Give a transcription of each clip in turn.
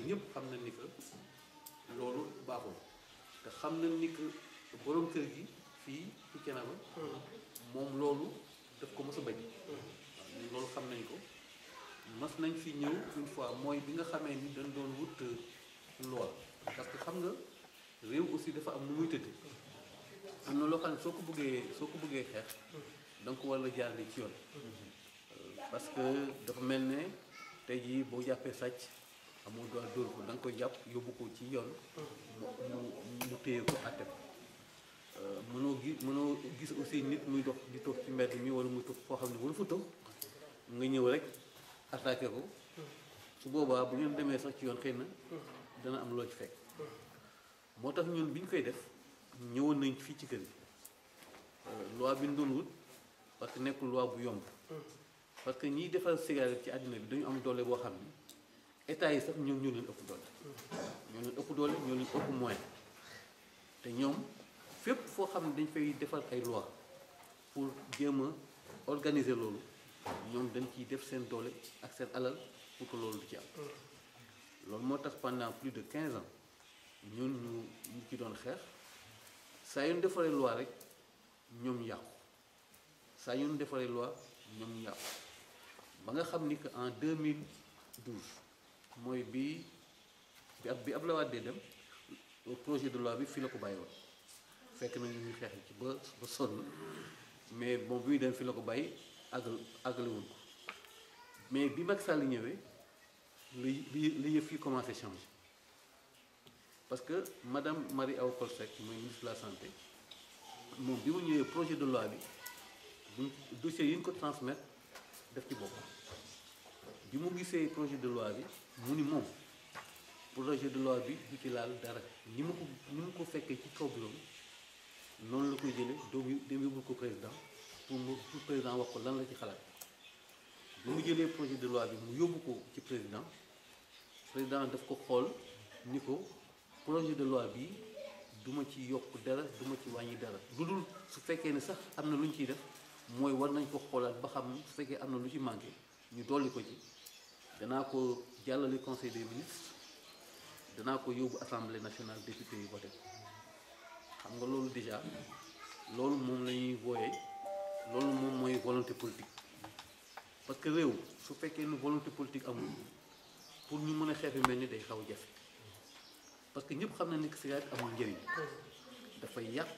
que ñëpp xam na ni que loolu baaxul te xam nañ ni que borom kër gi fii ci Thiénaba moom loolu daf ko mos a bañ loolu xam nañ ko mas nañ fi ñëw une fois mooy bi nga xamee ni dañ doon wut euh, loi parce que xam nga réew aussi dafa am nu muy tëdd am na loo xam ne soo ko bëggee soo ko bëggee xeex da nga ko war a jaarale ci yoon euh, parce dafa mel ne tey jii boo jàppee sàcc amoo doole dóor ko danga nga koy jàpp yóbbu ko ci yoon mu mu téye ko àtte ko euh, mënoo gis mënoo gis aussi nit muy dox di toog ci mber mi wala muy toog foo xam ne wala fa toog nga ñëw rek attaqué ko su boobaa bu ngeen demee sax ci yoon xëy na dana am loo ci fekk moo tax ñun bi ñu koy def ñëwoon nañ fii ci kër gi euh, loi bi ñu doon wut parce que nekkul loi bu yomb parce que ñiy defal cigarette ci àddina bi dañu am doole boo xam ni état yi sax ñoom ñoo leen ëpp doole ñoo leen ëpp ñoo leen ëpp moyen te ñoom fépp foo xam ne dañ fay defar ay loi pour jéem a organiser loolu ñoom dañ ciy def seen doole ak seen alal pour que loolu du ci am loolu moo tax pendant plus de quinze ans ñun ñu ñu ci doon xeex saa yu defaree loi rek ñoom yàqu saa yu ñu defaree loi ñoom yàqu ba nga xam ni que en 2012 mooy bii bi ab bi Abdoulaye Wade dem projet de loi bi fii la ko bàyyi woon fekk na ñu xeex ci ba ba sol mais bon bi muy dem fii la ko bàyyi àggal wul ko mais bi Macky Sall ñëwee li li yëf yi commencé changer parce que madame Marie Aw Coll Seck mooy ministre la santé moom bi mu ñëwee projet de loi bi buñ dossier ñu ko transmettre def ci boppam bi mu gisee projet de loi bi. mu ni moom projet de loi bi du ci laal dara ni mu ko ni mu ko fekkee ci kaw bureau noonu la koy jële doom dem yóbbul ko président pour mu président wax ko lan la ci xalaat bi mu jëlee projet de loi bi mu yóbbu ko ci président président def ko xool ni ko projet de loi bi duma ci yokk dara duma ci wàññi dara lu dul su fekkee ne sax am na lu ñu ciy def mooy war nañ ko xoolaat ba xam su fekkee am na lu ci manqué ñu dolli ko ci danaa ko jàllale conseil des ministres danaa ko yóbbu assemblée nationale député yu voté xam nga loolu déjà loolu moom la ñuy wooyee loolu moom mooy volonté politique parce que réew su fekkee ne volonté politique amul pour ñu mën a xeefe mel ni day xaw jafe parce que ñëpp xam na ni cigarette amul njëriñ dafay yàq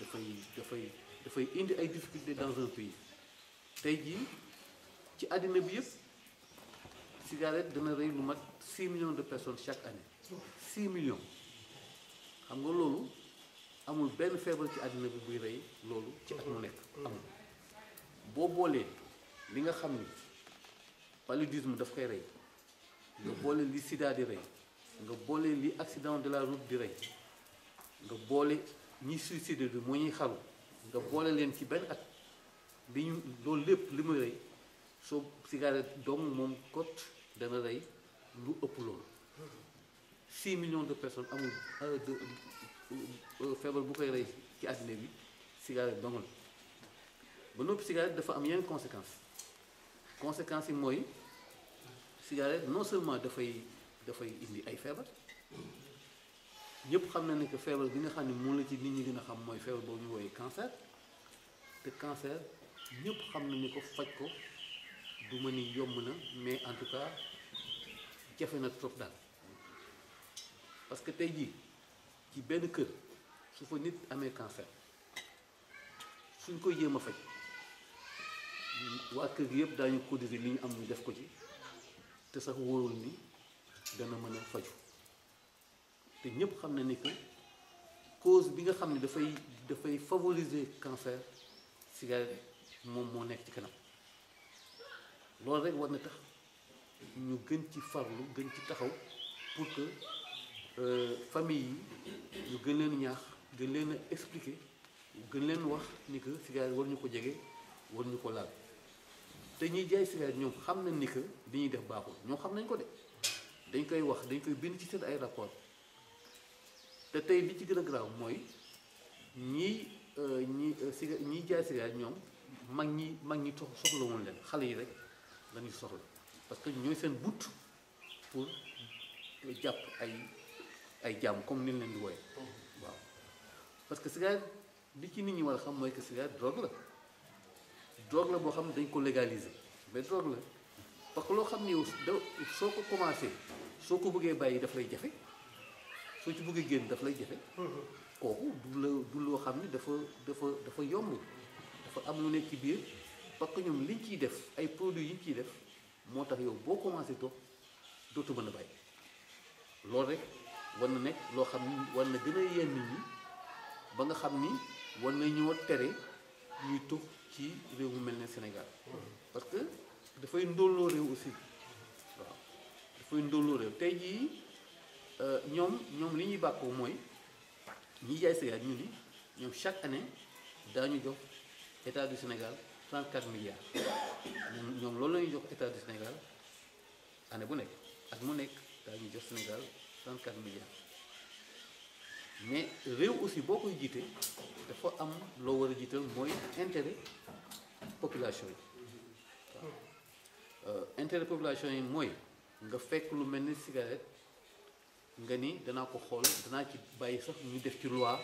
dafay dafay dafay indi ay difficultés dans un pays tey jii ci àddina bi yëpp. cigarette dana rey lu mat 6 millions de personnes chaque année 6 millions xam nga loolu amul benn feebar ci àddina bi buy rey loolu ci at mu nekk mm. amul boo boolee li nga xam ni paludisme daf koy rey nga boole li sida di rey nga boole li accident de la route di rey nga boole ñi suicide bi moo ñuy xaru nga boole leen ci benn at bi ñu loolu lépp li ma rey soo cigarette dong moom kot dana rey lu ëpp loolu 6 millions de personnes amul euh, feebar bu koy rey ci àddina bi cigarette dong la ba noppi cigarette dafa am yenn conséquence conséquence yi mooy cigarette non seulement dafay dafay indi ay feebar ñëpp xam na ne que feebar bi nga xam ne moom la ci nit ñi gën a xam mooy feebar boobu ñu woowee cancer te cancer ñëpp xam na ni ko faj ko du ma ni yomb na mais en tout cas jafe na trop daal parce que tey jii ci benn kër su fa nit amee cancer suñ koy jéem a faj waa kër gi yëpp daañu cotiser li ñu am ñu def ko ci te sax wóorul ni dana mën a faju te ñëpp xam na ni que cause bi nga xam ne dafay dafay favoriser cancer cigarette moom moo nekk ci kanam. loolu rek war na tax ñu gën ci farlu gën ci taxaw pour que euh, famille yi ñu gën leen ñaax gën leen expliquer gën leen wax ni que cigarette war ñu ko jege war ñu ko laal te ñuy jaay cigarette xam nañ ni que li ñuy def baaxul ñoom xam nañ ko de dañ koy wax dañ koy bind ci seen ay rapport te tey li ci gën a grave mooy ñii euh, ñi euh, ñiy jaay cigarette ñoom mag ñi mag ñi soxla woon leen xale yi rek la ñu soxla parce que ñooy seen but pour jàpp ay ay jàmm comme ni leen di wooye waaw parce que cigare li ci nit ñi war xam mooy que cigare drogue la drogue la boo xam ne dañ ko légaliser mais drogue la parce que loo xam ne yow da soo ko commencé soo ko bëggee bàyyi daf lay jafe soo ci bëggee génn daf lay jafe mm-hmm. kooku du la loo xam ne dafa dafa dafa yomb dafa am lu nekk ci biir parce que ñoom liñ ciy def ay produits yi ñu ciy def moo tax yow boo commencé toog dootu mën a bàyyi loolu rek war na nekk loo xam ni war na gën a yenn ñi ba nga xam ni war na ñoo tere ñuy toog ci réew mu mel ne Sénégal parce que dafay ndóolloo réew aussi waaw dafay ndóolloo réew tey jii euh, ñoom ñoom li ñuy bàkkoo mooy ñi jaay sigaret ñu ni ñoom chaque année daañu jox état du Sénégal 34 milliards ñoom ñoom loolu la ñuy jox état du Sénégal année bu nekk ak mu nekk daal ñu jox Sénégal 34 milliards mais réew aussi boo koy jiite dafa am loo war a jiital mooy intérêt population yi waaw euh, population yi mooy nga fekk lu mel ni cigarette nga ni danaa ko xool danaa ci bàyyi sax ñu def ci loi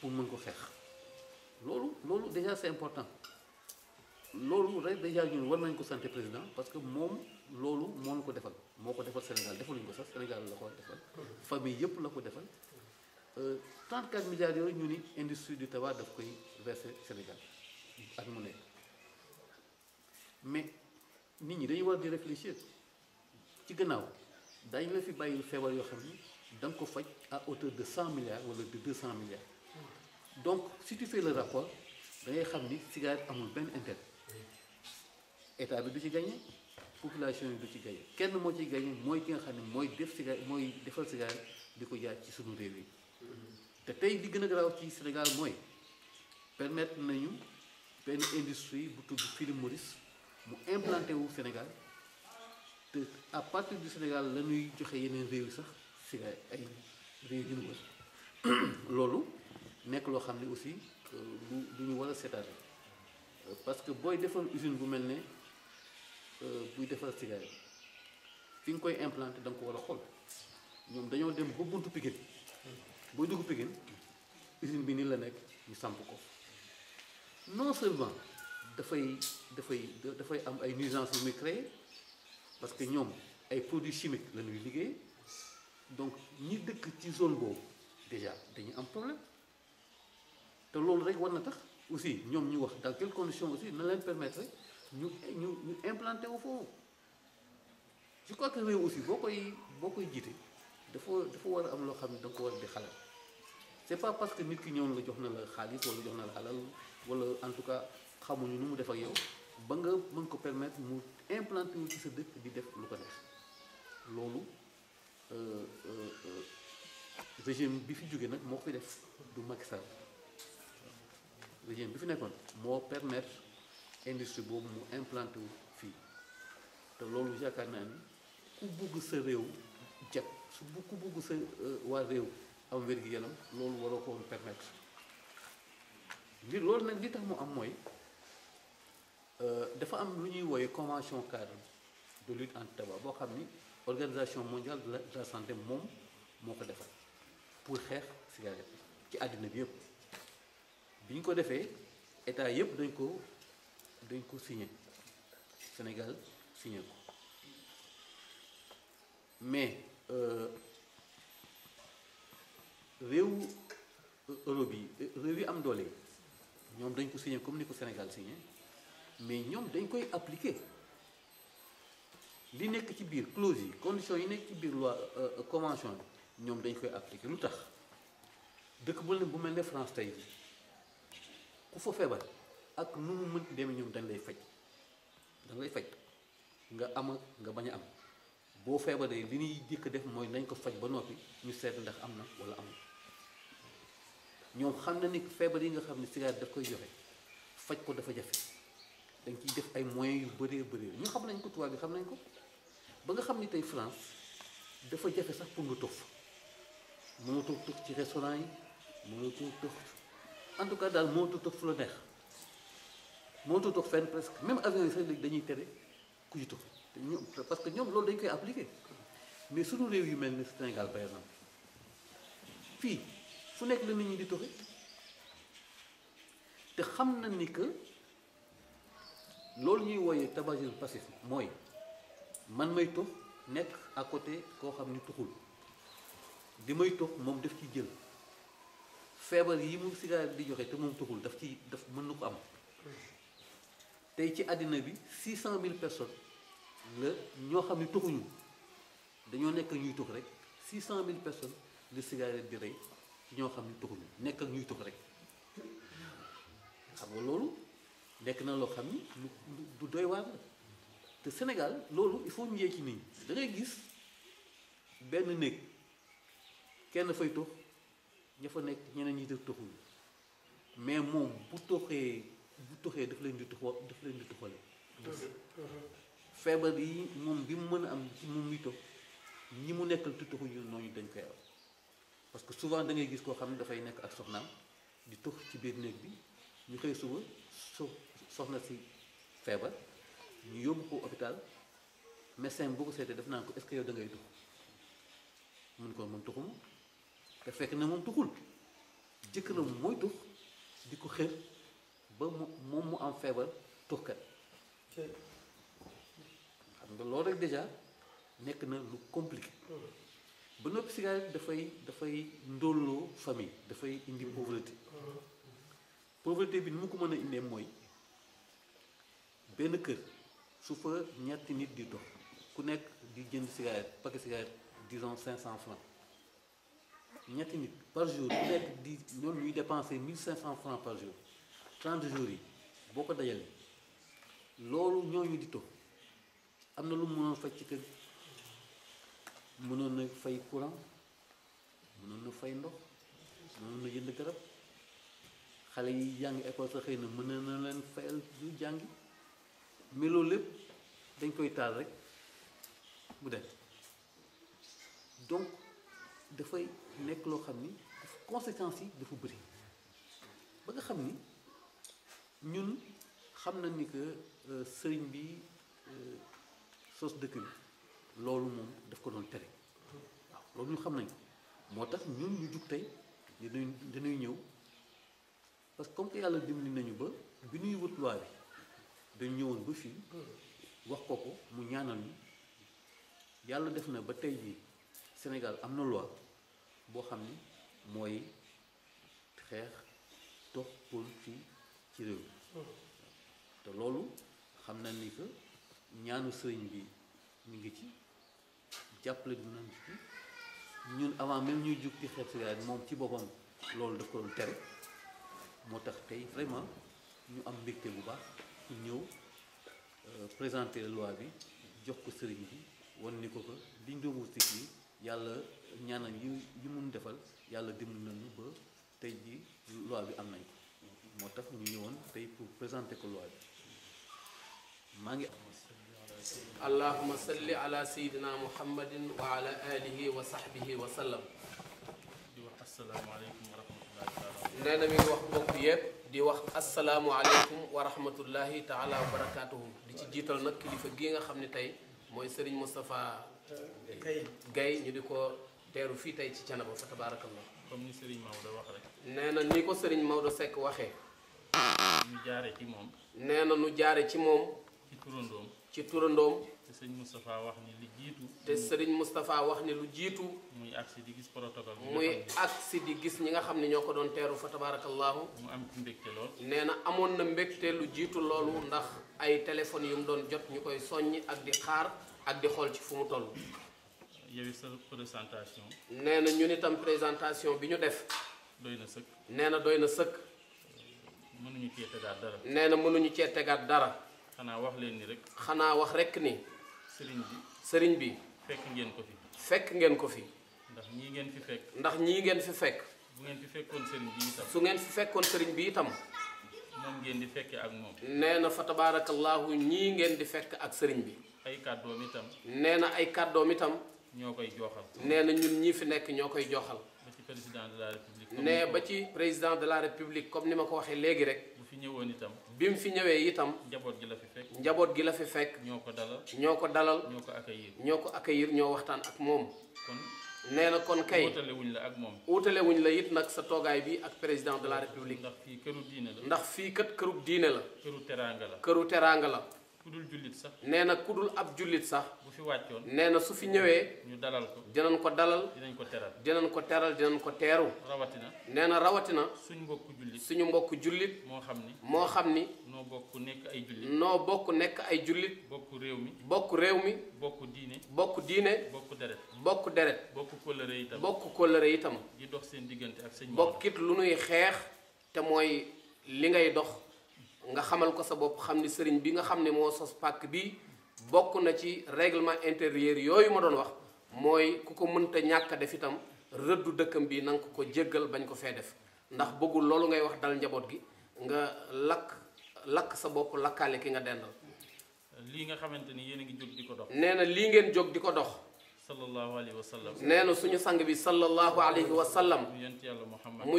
pour mën ko xeex loolu loolu déjà important loolu rek déjà ñun war nañ ko sant président parce que moom loolu moo ñu ko defal moo ko defal Sénégal defaluñu ko sax Sénégal la ko defal famille yëpp la ko defal 34 euh, milliards yooyu ñu ni industrie du tabac daf koy verse Sénégal ak mu nekk mais nit ñi dañuy war di réfléchir ci gannaaw dañ la fi bàyyi feebar yoo xam ni da ko faj à hauteur de cent milliards wala de cent milliards donc si tu fais le rapport da ngay xam ni cigarette amul benn intérêt. état bi du ci gagné population yi du ci gagné kenn moo ciy gagné mooy ki nga xam ne mooy def sigaar mooy defal sigaar di ko jaar ci suñu réew yi te tey li gën a garaaw ci Sénégal mooy permettre nañu benn industrie bu tudd film Maurice mu implanté wu Sénégal te à partir du Sénégal la ñuy joxe yeneen réew yi sax sigaar ay réew yu ñu ko loolu nekk loo xam ne aussi euh, lu lu ñu war a seetaan parce que booy defal usine bu mel ne. Euh, buy defar sigaret fi nga koy implanté da nga ko war a xool ñoom dañoo dem ba buntu Pikine booy dugg Pikine usine bi nii la nekk ñu samp ko non seulement dafay dafay dafay am ay nuisances yu muy créé parce que ñoom ay produits chimiques la ñuy liggéey donc ñi dëkk ci zone boobu déjà dañuy am problème te loolu rek war na tax aussi ñoom ñu wax dans quelles conditions aussi na leen permettre ñu ñu ñu implanté wu foofu si crois que réew aussi boo koy boo koy jiite dafa dafa war a am loo xam ne da nga ko war di xalaat c'est pas parce que nit ki ñëw na jox na la xaalis wala jox na la alal wala en tout cas xamuñu ni mu def ak yow ba nga mën ko permettre mu implanté wu ci sa dëkk di def lu ko neex loolu euh, euh, euh, régime bi fi jógee nag moo ko fi def du Macky Sall régime bi fi nekkoon moo permettre. industrie boobu mu implanté wu fii te loolu yaakaar naa ni ku bëgg sa réew jag su ku bëgg sa euh, waa réew am wér-gi-yaram loolu waroo ko woon permettre ngir loolu nag li tax mu am mooy euh, dafa am lu ñuy wooye convention cadre de lutte anti-tabac boo xam ni organisation mondiale de la santé moom moo ko defal pour xeex cigarette ci àddina bi yëpp bi ñu ko defee état yëpp dañ ko dañ ko signé Sénégal signé ko mais euh, réewu euh, Europe yi réew yi am doole ñoom dañ ko signé comme ni Sénégal signé mais ñoom dañ koy appliqué li nekk ci biir clause yi conditions yi nekk ci biir loi euh, convention bi ñoom dañ koy appliqué lu tax dëkk bu leen bu mel ne France tey ku fa feebar. ak nu mu mënti demee ñoom dañ lay faj dañ lay faj nga am nga bañ a am boo feebaree li ñuy dikk def mooy nañ ko faj ba noppi ñu seet ndax am na wala amul ñoom xam na ni feebar yi nga xam ne cigarette daf koy joxe faj ko dafa jafe dañ ciy def ay moyen yu bëree bëree ñu xam nañ ko tubaab bi xam nañ ko ba nga xam ni tey France dafa jafe sax pour nga tof mënatoo tof ci restaurant yi mënatoo tof en tout cas daal mënatoo tof fu la neex. mënatoo toog fenn presque même avion yi sax léegi dañuy tere ku ci toog parce que ñoom loolu dañ koy appliquer mais sunu réew yu mel ni Sénégal par fii fu nekk la nit di toxi te xam na ni que loolu ñuy wooyee tabagisme passif mooy man may tox nekk ak côté koo xam ni tuxul di may tox moom def ci jël feebar yi mu sigaar di joxe te moom tuxul daf ci daf mën na ko am tey ci àddina bi 600000 personnes la ñoo xam ne tuxuñu dañoo nekk ak ñuy tux rek 600000 personnes la cigarette di rey ci ñoo xam ne tuxuñu nekk ak ñuy tux rek xam nga loolu nekk na loo xam ni lu du doy waar la te Sénégal loolu il faut ñu ci nit ñi gis benn néeg kenn fay tux ña fa nekk ñeneen ñi def tuxuñu mais moom bu tuxee. bu tuxee daf leen di tuxoo daf leen di feebar yi moom bi mu mën a am ci moom mi toog ñi mu nekkal tu tuxu nooñu dañ koy am parce que souvent da ngay gis koo xam ne dafay nekk ak soxnaam di tux ci biir néeg bi ñu xëy suba so soxna si feebar ñu yóbbu ko hôpital médecin boo ko seetee def naan ko est-ce que da ngay tux mun ko mën tuxuma te fekk na moom tuxul jëkkëram mooy tux di ko xër ba mu moom mu am feebar tuxkat xam nga loolu rek déjà nekk na lu compliqué ba noppi cigarette dafay dafay ndóolloo famille dafay indi pauvreté pauvreté bi ni mu ko mën a indee mooy benn kër su fa ñetti nit di dox ku nekk di jënd cigarette paquet cigarette disons cinq cent francs ñetti nit par jour ku nekk di ñoom ñuy dépenser mille cinq cent francs par jour 30 jours yi boo ko dajalee loolu ñoo di dito am na lu mu mënoon faj ci kër mënoon na fay courant mënoon na fay ndox mënoon na jënd garab xale yi jàng école sa xëy na mën na leen fayal du jàngi mais lépp dañ koy taal rek bu dem donc dafay nekk loo xam ni conséquences yi dafa bëri ba nga xam ni. ñun xam nañ ni que euh, sëriñ bi euh, sos dëkk bi loolu moom daf ko doon tere waaw loolu ñun xam nañ ko moo tax ñun ñu jug tey dañuy dañuy ñëw parce que comme yàlla dimbali nañu ba bi ñuy wut loi dañ ñëwoon ba fii wax ko mu ñaanal ñu yàlla def na ba tey jii Sénégal am na loi boo xam ni mooy xeex dox pour fii ci réew te loolu xam nañ ni que ñaanu sëriñ bi ñu ngi ci jàppale du nañ ci ñun avant même ñuy jug ci xeet sigaret moom ci boppam loolu daf ko doon tere moo tax tey vraiment ñu am mbégte bu baax pour ñëw euh, présenter loi bi jox ko sëriñ bi wan ni ko ko liñ doon wut si yàlla ñaanal yi yi mun defal yàlla dimbali nañu ba tey ji loi bi am nañ ko moo tax ñu ñëwoon tey pour présenter ko loi bi maa ngi allahuma salli ala sayidina muhammadin wa ala alihi wa di wax asalaamaaleykum wa rahmatullahi taala nee mi ngi wax mbokk yépp di wax asalaamualeykum wa wa barakatuhu di ci jiital nag kilifa gi nga xam ne tey mooy Serigne Moustapha Gaye ñu di ko teeru fii tey ci Thiénaba fa tabarakallah comme ni Serigne ni ko Serigne Maodo Seck waxee ñu jaare ci moom. nee na nu jaare ci moom. ci turandoom. ci turandoom. te sëriñ Moustapha wax ni lu jiitu. wax ni lu jiitu. muy agsi di gis protocole muy agsi di gis ñi nga xam ne ñoo ko doon teeru fa tabaarakallaahu. mu am ci nee na amoon na mbégte lu jiitu loolu ndax ay téléphones yu mu doon jot ñu koy soññ ak di xaar ak di xool ci fu mu toll. yow sa présentation. nee na ñun itam présentation bi ñu def. doy na sëkk. nee na doy na sëkk. mënuñu cee tegaat dara. nee na mënuñu cee tegaat dara. xanaa wax leen ni rek. xanaa wax rek ni. sëriñ bi sëriñ bi. fekk ngeen ko fi. fekk ngeen ko fi. ndax ñii ngeen fi ndax ñii ngeen fi fekk. bu fekkoon sëriñ bi itam. su ngeen fi fekkoon sëriñ bi itam. moom ngeen di fekke ak moom. nee na fa tabaarakallaahu ñii ngeen di fekk ak sëriñ bi. ay kàddoom itam. nee na ay kàddoom itam. ñoo koy joxal. nee na ñun ñii fi nekk ñoo koy joxal. président ne ba ci président de la république comme ni ma ko waxee léegi rek. bu fi ñëwoon itam. bi mu fi ñëwee itam. njaboot gi la fi fekk. njaboot gi la fi fekk. ñoo ko dalal ñoo ko dalal. ñoo ko accueillir ñoo waxtaan ak moom. kon nee na kon kay. utale wuñ la ak moom. utale wuñ la it nag sa toogaay bi ak président de la république. ndax fii këru diine la. ndax fii kat këru diine la. këru teraanga la këru teraanga la. ku dul jullit sax. nee na ku ab jullit sax. bu fi wàccoon nee na su fi ñëwee. ñu dalal ko dinañ ko dalal. dinañ ko teral dinañ ko teral dinañ ko teeru. rawatina nee na rawatina. suñu mbokku jullit suñu mbokku jullit. moo xam ni moo xam ni. noo bokk nekk ay jullit. noo bokk nekk ay jullit. bokk réew mi bokk réew mi. bokk diine bokk diine. bokk deret bokk deret. bokk kóllëre itam bokk kóllëre itam. di dox seen diggante ak seen. bokkit lu nuy xeex te mooy li ngay dox. nga xamal ko sa bopp xam ni sëriñ bi nga xam ne moo sos pàkk bi bokk na ci réglement intérieur yooyu ma doon wax mooy ku ko mënta ñàkk def itam rëddu dëkkam bii na nga ko jéggal bañ ko fee def ndax bëggul loolu ngay wax dal njaboot gi nga lakk lakk sa bopp lakkaale ki nga dendal. lii nga xamante ni yéen a ngi jóg ko dox. nee na lii ngeen jóg di ko dox. sallallahu alayhi wa nee suñu sang bi sallallahu alayhi wa sallam muy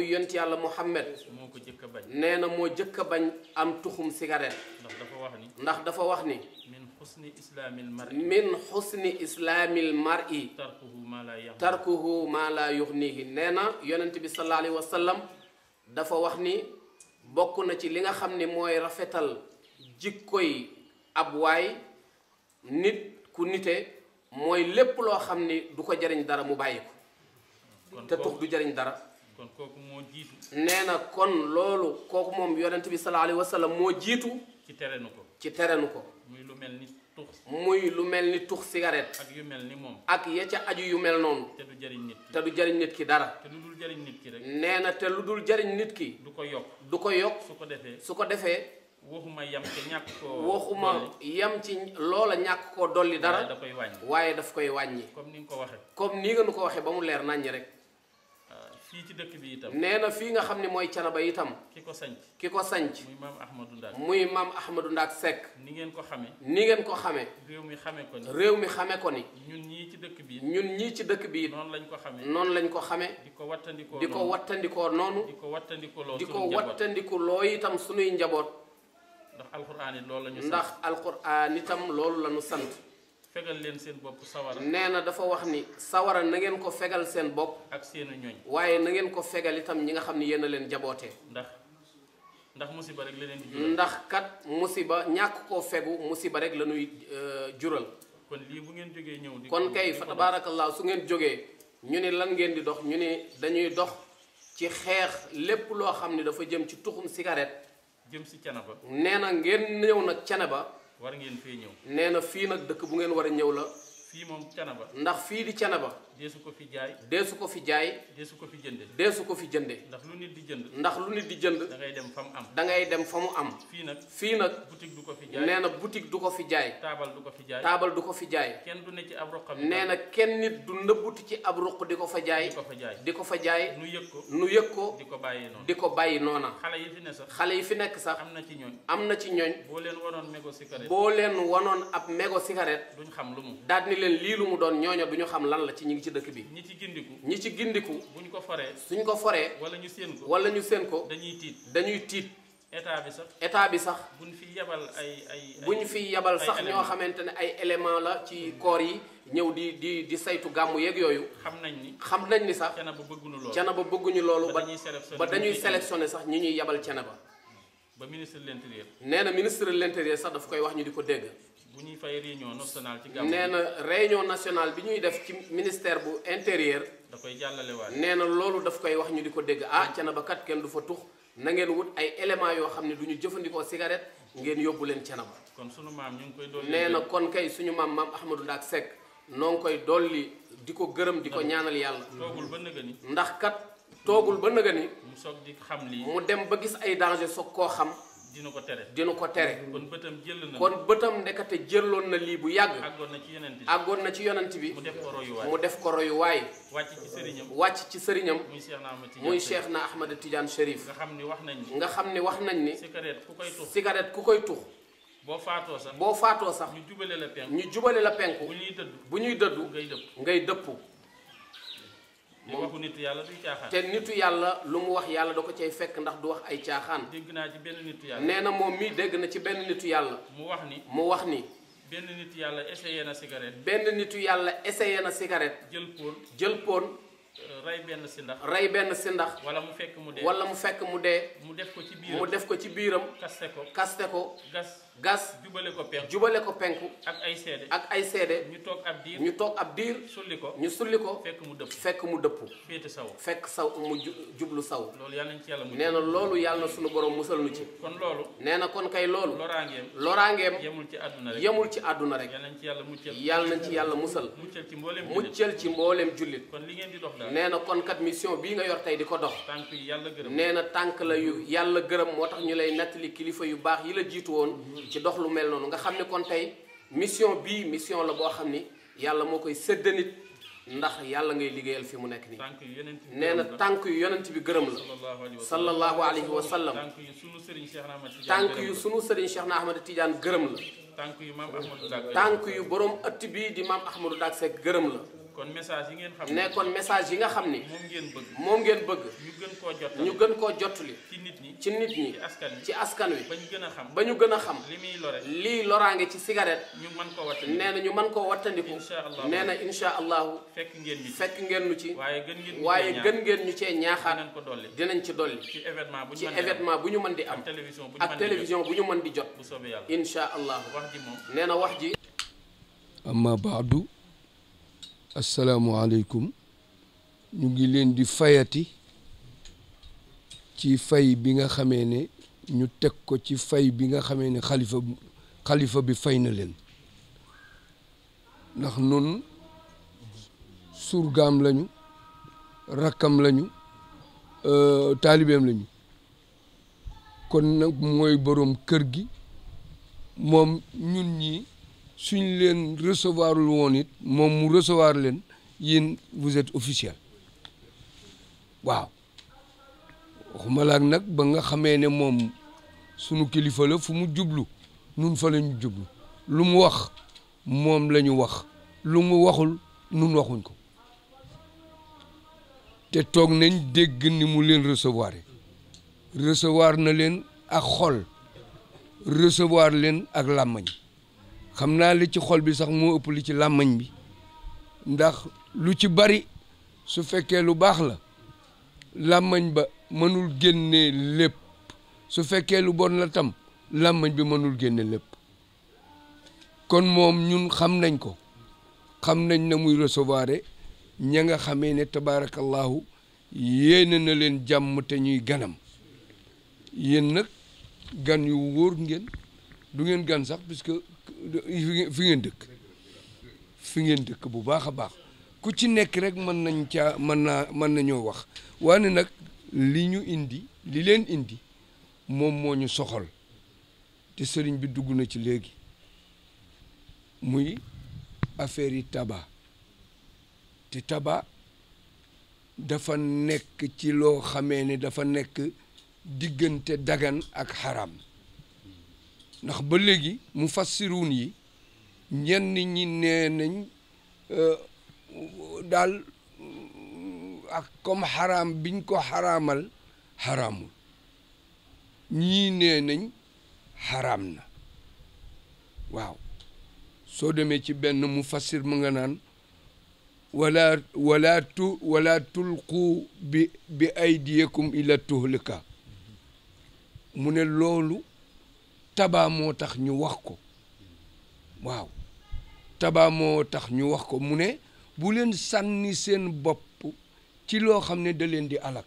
yont yàlla Muhammad moo ko jëkk bañ nee na moo jëkk a bañ am tuxum cigarette ndax dafa wax ni ndax dafa min xusni islaamil mar'i min xusni islaamil mar'i tarkuhu ma la nee na yonent bi sallallahu alayhi wa sallam dafa wax ni bokk na ci li nga xam ne mooy rafetal jikkoy ab nit ku nite mooy lépp loo xam ni du ko jariñ dara mu bàyyi ko te tux du jariñ dara kon moo jiitu nee na kon loolu kooku moom yonent bi sallallahu wa sallam moo jiitu ci terenu ko ci terenu ko muy lu mel ni tux muy lu mel ni tux cigarette ak yu mel ni moom ak ya ca yu mel noonu te du nit te du jariñ nit ki dara te lu dul jariñ nit ki rek nee na te lu dul jariñ nit ki du ko yokk du ko yokk ko defee su ko defee waxuma yam ci ñàkk koo waxuma yam ci loola ñàkk koo dolli dara daf koy waaye daf koy wàññi. comme ni nga ko waxee. comme nii nga nu ko waxee ba mu leer naññ rek. Ah, fii ci dëkk bi itam. nee na fii nga xam ne mooy canaba itam. ki ko sanc ki ko sanc. muy maam Ahmadou Ndaak. muy maam Ahmadou Ndaak Seck. ni ngeen ko xamee. ni ngeen ko xamee. réew mi xamee ko ni. réew mi xamee ni. ñun ñii ci dëkk bii ñun ñii ci dëkk bii noonu lañ ko xamee. noonu lañ ko xamee. di ko wattandikoo noonu di ko wattandikoo noonu. di ko wattandikoo loo itam sunuy njaboot ndax alxuraan it loolu la ñu sant ndax alxuraan itam loolu la ñu sant. fegal leen seen bopp sawara. nee na dafa wax ni sawara na ngeen ko fegal seen bopp. ak seen ñoñ. waaye na ngeen ko fegal itam ñi nga xam ni yéen leen jabootee. ndax ndax musiba rek la leen di jural. ndax kat musiba ñàkk koo fegu musiba rek la ñuy euh, jural. kon lii bu ngeen jógee ñëw di kon kay fa tabaarakallaa su ngeen jógee ñu ne lan ngeen di dox ñu ne dañuy dox ci xeex lépp loo xam ne dafa jëm ci tuxum cigarette. jëm si Thiénaba nee na ngeen ñëw nag ba war ngeen fee ñëw nee na fii nag dëkk bu ngeen war a ñëw la fii moom canaba. ndax fii di canaba. deesu ko fi jaay. deesu ko fi jaay. deesu ko fi jënde. deesu ko fi jënde. ndax lu nit di jënd. ndax lu nit di jënd. da dem fa mu am. da ngay dem fa mu am. fii nag fii nag. boutique du ko fi jaay na boutique du ko fi jaay. taabal du ko fi jaay. taabal du ko fi jaay. du ne ci ab ruqam. nee na kenn nit du nëbbuti ci ab ruq di ko fa jaay. di ko fa jaay di ko fa jaay. nu yëg ko nu yëg ko. di ko bàyyi di ko bàyyi noona. xale yi fi ne xale yi fi nekk sax. am na ci ñooñ. am na ci ñooñ. boo leen wanoon mégo cigarette. boo leen wanoon ab mégo cigarette. duñu xam lu mu daal ni ni lii lu mu doon ñooño du ñu xam lan la ci ñi ngi ci dëkk bi ñi ci gindiku ñi ci gindiku buñ ko foree suñ ko foree wala ñu seen ko wala ñu seen ko dañuy tiit dañuy tiit état bi sax état bi sax buñ fi yebal ay ay buñ fi yebal sax ñoo xamante ne ay élément la ci koor yi ñëw di di di saytu gàmmu yeeg yooyu xam nañ ni xam nañ ni sax cana ba bëgguñu loolu cana ba bëgguñu loolu ba dañuy sélectionné sax ñi ñuy yebal cana ba ba ministre de l'intérieur nee na ministre de l'intérieur sax daf koy wax ñu di ko dégg bu ñuy fay réunion nationale ci gàmmu nee na réunion nationale bi ñuy def ci ministère bu intérieur. da koy loolu daf koy wax ñu di ko dégg ah Thiénaba kat kenn du fa tux na ngeen wut ay éléments yoo xam ne du ñu jëfandikoo cigarette ngeen yóbbu leen Thiénaba. kon sunu maam ñu ngi koy dolli nee na kon kay suñu maam maam Ahmadou Ndaak Seck noo ngi koy dolli di ko gërëm di ko ñaanal yàlla. toogul ba nëgë ni ndax kat toogul ba nëgë ni. mu soog di xam lii mu dem ba gis ay danger soog koo xam. dina ko tere dina ko tere. kon bëtam jël na kon bëtam ndekete jëloon na lii bu yàgg. àggoon na ci yonent bi àggoon na ci yonent bi. mu def ko royuwaay mu def ko royuwaay. wàcc ci sëriñam wàcc ci sëriñam. muy Cheikh na Ahmad Tidiane muy Cheikh na Ahmad Tidiane Chérif. nga xam ni wax nañ ni nga xam ni wax nañ ni. cigarette ku koy tux cigarette ku koy tux. boo faatoo sax boo faatoo sax. ñu jubale la penku ñu jubale la penku. bu ñuy dëddu bu ñuy dëdd. ngay dëpp ngay dëpp. waxu nitu yàlla duy te nitu yàlla lu mu wax yàlla da ko cay fekk ndax du wax ay caaxaan. dégg naa ci benn nitu nee na moom mii dégg na ci benn nitu yàlla. mu wax ni mu wax ni. benn nitu yàlla essayé na cigarette. benn nitu yàlla essayé na cigarette. jël poon jël poon. ray benn si ndax. ray benn si ndax. wala mu fekk mu dee. wala mu fekk mu dee. mu def ko ci biiram mu def ko ci biiram. kaste ko kaste ko. gas gas. jubale ko penku jubale ko penku. ak ay seede. ak ay seede. ñu toog ab diir ñu toog ab diir. sulli ko ñu sulli ko. fekk mu dëpp fekk mu dëpp. féete saw fekk saw mu jublu saw. loolu yàlla nañ ci yàlla mu nee na loolu yàlla na sunu borom musal nu ci. kon loolu. nee na kon kay loolu. loraangeem loraangeem. yemul ci àdduna rek yemul ci àdduna rek. yàlla nañ ci yàlla muccal yàlla nañ ci yàlla musal. muccal ci mboolem jullit ci mboolem jullit. kon li ngeen di dox nee na kon mission bii nga yor tey di ko dox. tànk yi yàlla gërëm nee na tànk la yu yàlla gërëm moo tax ñu lay nettali kilifa yu baax yi la jiitu woon. ci dox lu mel noonu nga xam ne kon tey mission bii mission la boo xam ni yàlla moo koy sédd nit ndax yàlla ngay liggéeyal fi mu nekk nii. nee na tànk yu yonent bi gërëm la. sallallahu alayhi wa sallam tànk yu sunu Serigne Cheikh Ahmad Tidiane tànk yu sunu Serigne Cheikh Ahmad Tidiane gërëm la. tànk yu maam tànk yu borom ëtt bii di maam Ahmadou Dak gërëm la kon message yi ngeen xam ne kon message yi nga xam ni. moom ngeen bëgg moom ngeen bëgg. ñu gën koo jot ñu gën koo jotali. ci nit ñi ci nit ñi. askan wi ci askan wi. ba ñu gën a xam ba ñu gën a xam. li muy lore lii loraange ci cigarette. ñu mën koo wattandiku nee na ñu mën koo wattandiku. incha allahu nee na incha allahu. fekk ngeen ñu ci ngeen ñu ci. waaye gën ngeen ñu waaye gën ngeen ñu cee ñaaxaat. dinañ ko dolli dinañ ci dolli. ci événement bu ñu mën di am bu ñu mën di ak télévision bu ñu mën di jot. bu soobee yàlla incha allahu. wax ji moom na wax ji. amma baadu asalaamualeykum ñu ngi leen di fayati ci fay bi nga xamee ne ñu teg ko ci fay bi nga xamee ne xalifa xalifa bi fay na leen ndax nun surgaam lañu rakkam lañu euh, taalibeem lañu kon nag mooy boroom kër gi moom ñun ñi suñ leen recevoirul woon it moom mu recevoir leen yéen vous êtes officiel waaw waxuma nag ba nga xamee ne moom sunu kilifa la fu mu jublu nun fa la jublu lu mu wax moom la ñu wax lu mu waxul nun waxuñ ko te toog nañ dégg ni mu leen recevoir recevoir na leen ak xol recevoir leen ak làmmañ xam naa li ci xol bi sax moo ëpp li ci làmmañ bi ndax lu ci bari su fekkee lu baax la làmmañ ba mënul génne lépp su fekkee lu bon la tam làmmañ bi mënul génne lépp kon moom ñun xam nañ ko xam nañ na muy recevoir ña nga xamee ne tabaarakallahu yéene na leen jàmm te ñuy ganam yéen nag gan yu wóor ngeen du ngeen gan sax fi ngeen dëkk fi ngeen dëkk bu baax a baax ku ci nekk rekk mën nañ ca mën naa mën nañoo wax waane nag li ñu indi li leen indi moom moo ñu soxal te sëriñ bi dugg na ci léegi muy affaire yi tabac te tabac dafa nekk ci loo xamee ni dafa nekk diggante dagan ak xaram ndax ba léegi mu fassiruun yi ñenn ñi nee nañ euh, daal ak comme xaraam biñ ko xaraamal xaraamul ñii nee nañ xaraam na waaw soo demee ci benn mu fassir mu nga naan wala tulqu bi bi aydiyakum tuhlika mu ne loolu tabaa moo tax ñu wax ko waaw tabaa moo tax ñu wax ko mu ne bu leen sànni seen bopp ci loo xam ne da leen di alak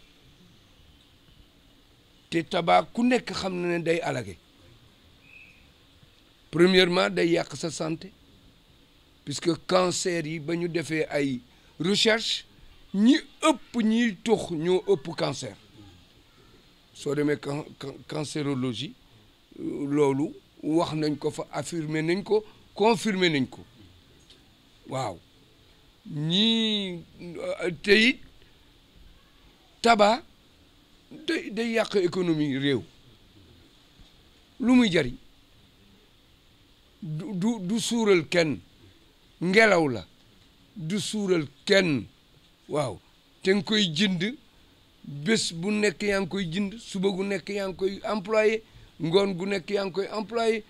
te tabaa ku nekk xam na ne day alage premièrement day yàq sa santé que cancer yi ba ñu defee ay recherche ñi ëpp ñiy tux ñoo ëpp cancer soo demee can loolu wax nañ ko fa affirmer nañ ko confirmer nañ ko waaw ñii tey it day day yàq économie réew lu muy jariñ du du suural kenn ngelaw la du suural kenn waaw te nga koy jënd bés bu nekk yaa ngi koy jënd suba gu nekk yaa ngi koy employé ngoon gu nekk yaa ngi koy employé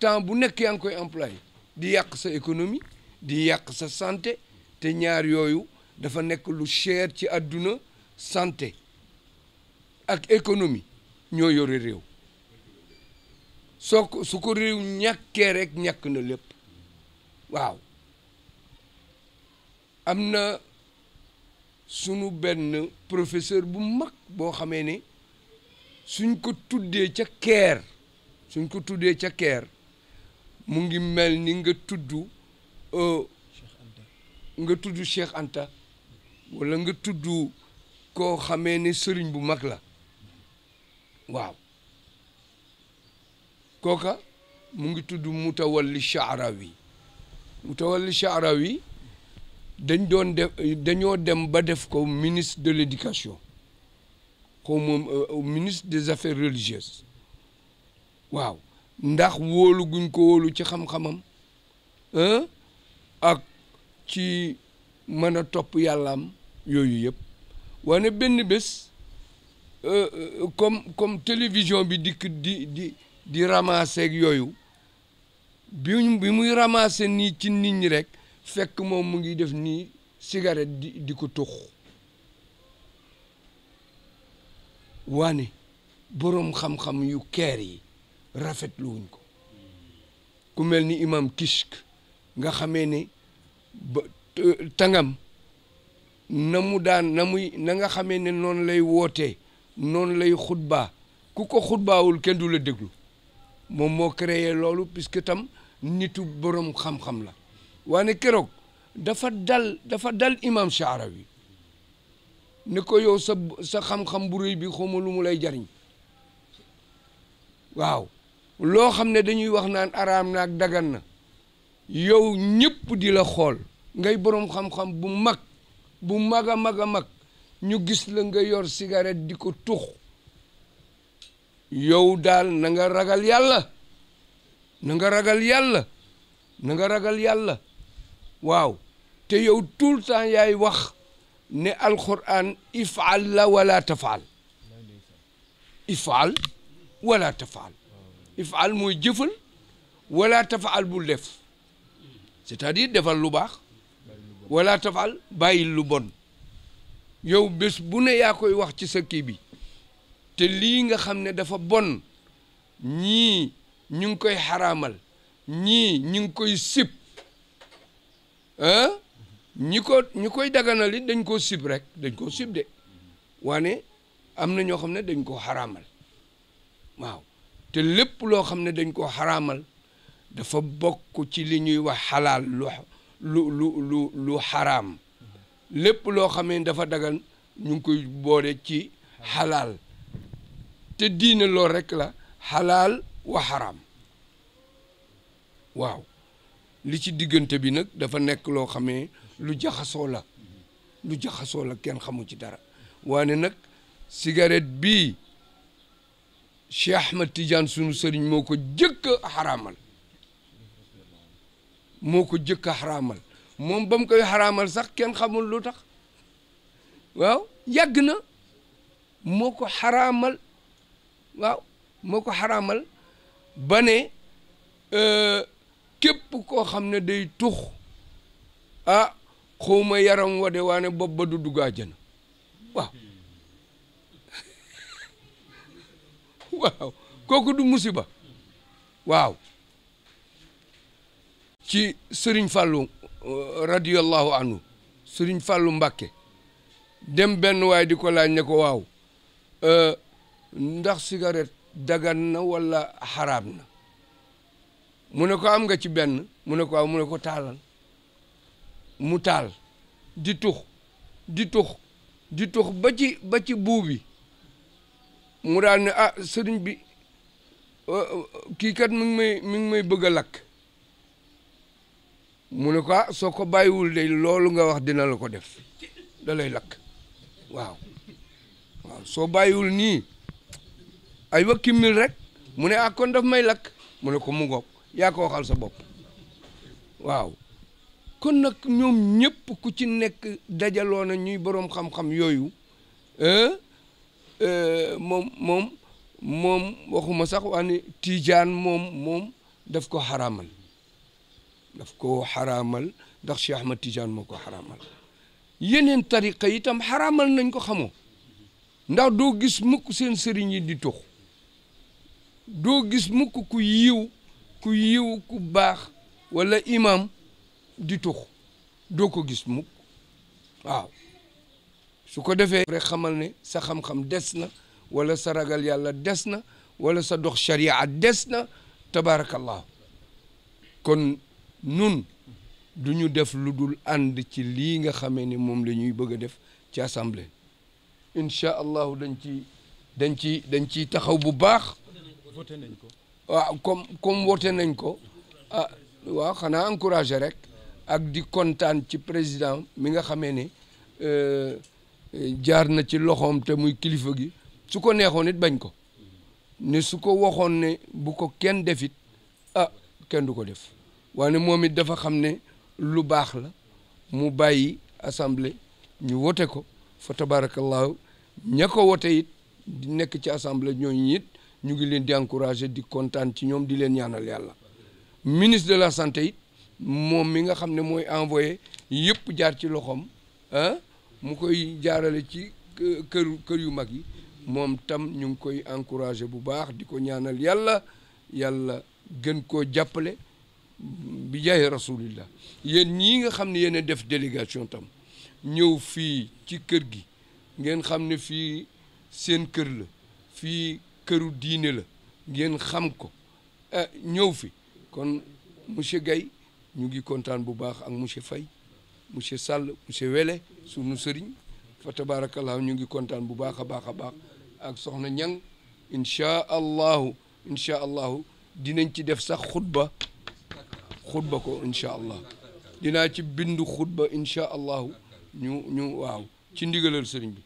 temps bu nekk yaa ngi koy employé di yàq sa économie di yàq sa santé te ñaar yooyu dafa nekk lu cher ci àdduna santé ak économie ñoo yore réew soo ko su ko réew ñàkkee rek ñàkk na lépp waaw am na sunu benn professeur bu mag boo xamee ne suñ ko tuddee ca keer suñ ko tuddee ca keer mu ngi mel ni nga tudd euh, nga tudd Cheikh Anta walla nga tudd koo xamee ni sëriñ bu mag la waaw kooka mu ngi tudd Mutawalli Shaarawi Mutawalli Shaarawi dañ doon def dañoo dem ba def ko ministre de l'éducation xaw moom euh, ministre des affaires religieuses waaw ndax wóolu guñ ko wóolu ci xam-xamam ak ci mën a topp yàllaam yooyu yëpp wane benn bés euh, euh, comme comme télévision bi dikk di di di ramasser yooyu bi bi muy ramasser nii ci nit ñi rek fekk moom mu ngi def nii cigarette di di ko tux waane boroom xam-xam yu keer yi rafetluwuñ ko ku mel ni imam Kishk nga xamee ne ba tangam na mu daan na muy na nga xamee ne noonu lay wootee noonu lay xutbaa ku ko xutbaawul kenn du la déglu moom moo créé loolu puisque tam nitu boroom xam-xam la waane keroog dafa dal dafa dal imam Shaarawi ni ko yow sa sa xam-xam bu réy bi xawma lu mu lay jariñ waaw loo xam ne dañuy wax naan araam naag dagan na yow ñépp di la xool ngay boroom xam-xam bu mag bu mag a mag a mag ñu gis la nga yor cigarette di ko tux yow daal na nga ragal yàlla na nga ragal yàlla na nga ragal yàlla waaw te yow tout le yaay wax ne alquran ifal la wala tafaal ifal wala tafaal ifal mooy jëfal wala tafaal bul def c'est-à-dire defal lu baax wala tafaal bàyyil lu bon yow bés bu ne yaa koy wax ci sa bi te lii nga xam ne dafa bon ñii ñu ngi koy xaraamal ñii ñu ngi koy sib ñi ko ñi koy daganal li dañ koo sib rek dañ koo sib de waane am na ñoo xam ne dañ koo xaraamal waaw te lépp loo xam ne dañ koo xaraamal dafa bokk ci li ñuy wax xalaal lu lu lu lu lu lépp loo xam ne dafa dagan ñu ngi koy boole ci xalaal te diina lool rek la xalaal wa xaraam waaw li ci diggante bi nag dafa nekk loo xamee lu jaxasoo la lu jaxasoo la kenn xamu ci dara waane nag sigaret bi Cheikh Ahmed Tidiane sunu sëriñ moo ko jëkk a moo ko jëkk a xaraamal moom ba mu koy xaraamal sax kenn xamul lu tax waaw yàgg na moo ko xaraamal waaw moo ko xaraamal bane ne euh, képp koo xam ne day tux ah xawma yaram wa de waane bopp ba du dugg àjjana waaw kooku du musiba waaw ci Serigne Fallou euh, radiyallahu anhu Serigne Fallou Mbakke dem benn waay di ko laaj ne ko waaw euh, ndax cigarette dagan na wala xaraam na mu ne ko am nga ci benn mu ne ko waaw mu ne ko taalal mu taal di tux di tux di tux ba ci ba ci buu bi mu daal ne a ah, sëriñ bi kii kat mi ngi may bëgg a lakk mu ne ko ah soo ko bàyyiwul de loolu nga wax dina la ko def da lay lakk waaw soo bàyyiwul nii ay wakki mil rek mu ne a ah, kon daf may lakk mu ne ko mu ngoog yaa ko waxal sa bopp waaw kon nag ñoom ñépp ku ci nekk dajaloo na ñuy boroom xam-xam yooyu euh, moom moom moom waxuma sax waane tiijaan moom moom daf ko xaramal daf ko xaraamal ndax Cheikh Ahmad Tijaan moo ko xaramal yeneen tariqa itam xaraamal nañ ko xamoo ndax doo gis mukk seen sëriñ yi di tux doo gis mukk ku yiw ku yiw ku baax walla imaam di tux doo ko gis mukk waaw su ko defee xamal ne sa xam-xam des na wala sa ragal yàlla des na wala sa dox sharia des na tabaarakallah kon nun du ñu def lu dul ànd ci lii nga xamee ni moom la ñuy bëgg a def ci assemblée incha allahu dañ ci dañ ci dañ ciy taxaw bu baax waaw comme comme woote nañ ko ah waaw xanaa encouragé rek ak di kontaan ci président mi nga xamee ne euh, jaar na ci loxoom te muy kilifa gi su ko neexoon it bañ ko ne su ko waxoon ne bu ko kenn defit ah kenn du ko def waane moom it dafa xam ne lu baax la mu bàyyi assemblée ñu wote ko fa tabarakallahu ña ko wote it di nekk ci assemblée ñooñu it ñu ngi leen di encourager di kontaan ci ñoom di leen ñaanal yàlla ministre de la santé it moom mi nga xam ne mooy envoyé yëpp jaar ci loxoom ah mu koy jaarale ci kër kër yu mag yi moom tam ñu ngi koy encouragé bu baax di ko ñaanal yàlla yàlla gën koo jàppale bi jaay rasulillah yéen ñii nga xam ne yéen def délégation tam ñëw fii ci kër gi ngeen xam ne fii seen kër la fii këru diine la ngeen xam ko eh, ñëw fi kon monsieur Gaye ñu ngi kontaan bu baax ak monsieur Faye monsieur Sall monsieur Wele sunu sëriñ fa tabarakallah ñu ngi kontaan bu baax a baax a baax ak soxna ñang inchaa allahu inchaa allahu dinañ ci def sax xutba xutba ko inchaa allah dinaa ci bindu xutba inchaa allahu ñu ñu waaw ci ndigalal sëriñ bi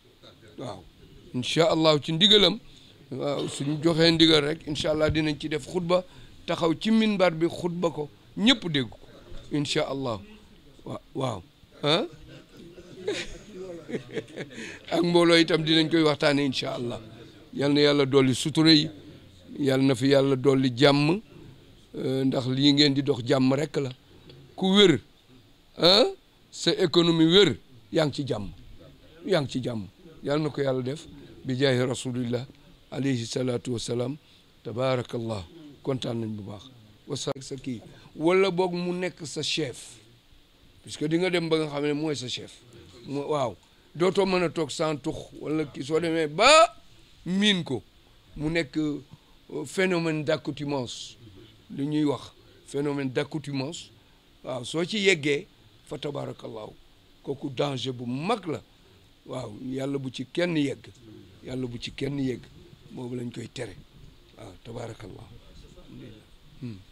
waaw inchaa allahu ci ndigalam waaw suñu joxee ndigal rek incha allah dinañ ci def xutba taxaw ci minbar bi xutba ko ñëpp dégg incha allah waaw ah ak mbooloo itam dinañ koy waxtaanee incha allah yal na yàlla dolli sutura yi yal na fi yàlla dolli jàmm eh, ndax lii ngeen di dox jàmm rek la ku wér ah sa économie wér yaa ngi ci jàmm yaa ngi ci jàmm yal na ko yàlla def bi jaahi rasulillah alayhi salaatu wa salaam tabaarakallah kontaan nañ bu baax. wasa sa kii wala boog mu nekk sa chef puisque di nga dem ba nga xam ne mooy sa chef mu waaw dootoo mën a toog sans walla kii soo demee ba miin ko mu nekk euh, phénomène d'accoutumance li ñuy wax phénomène d'accoutumance waaw soo ci yeggee fa tabaarakallaahu kooku danger bu mag la waaw yàlla bu ci kenn yegg yàlla bu ci kenn yegg boobu lañ koy tere waaw tabaarakallaahu hmm.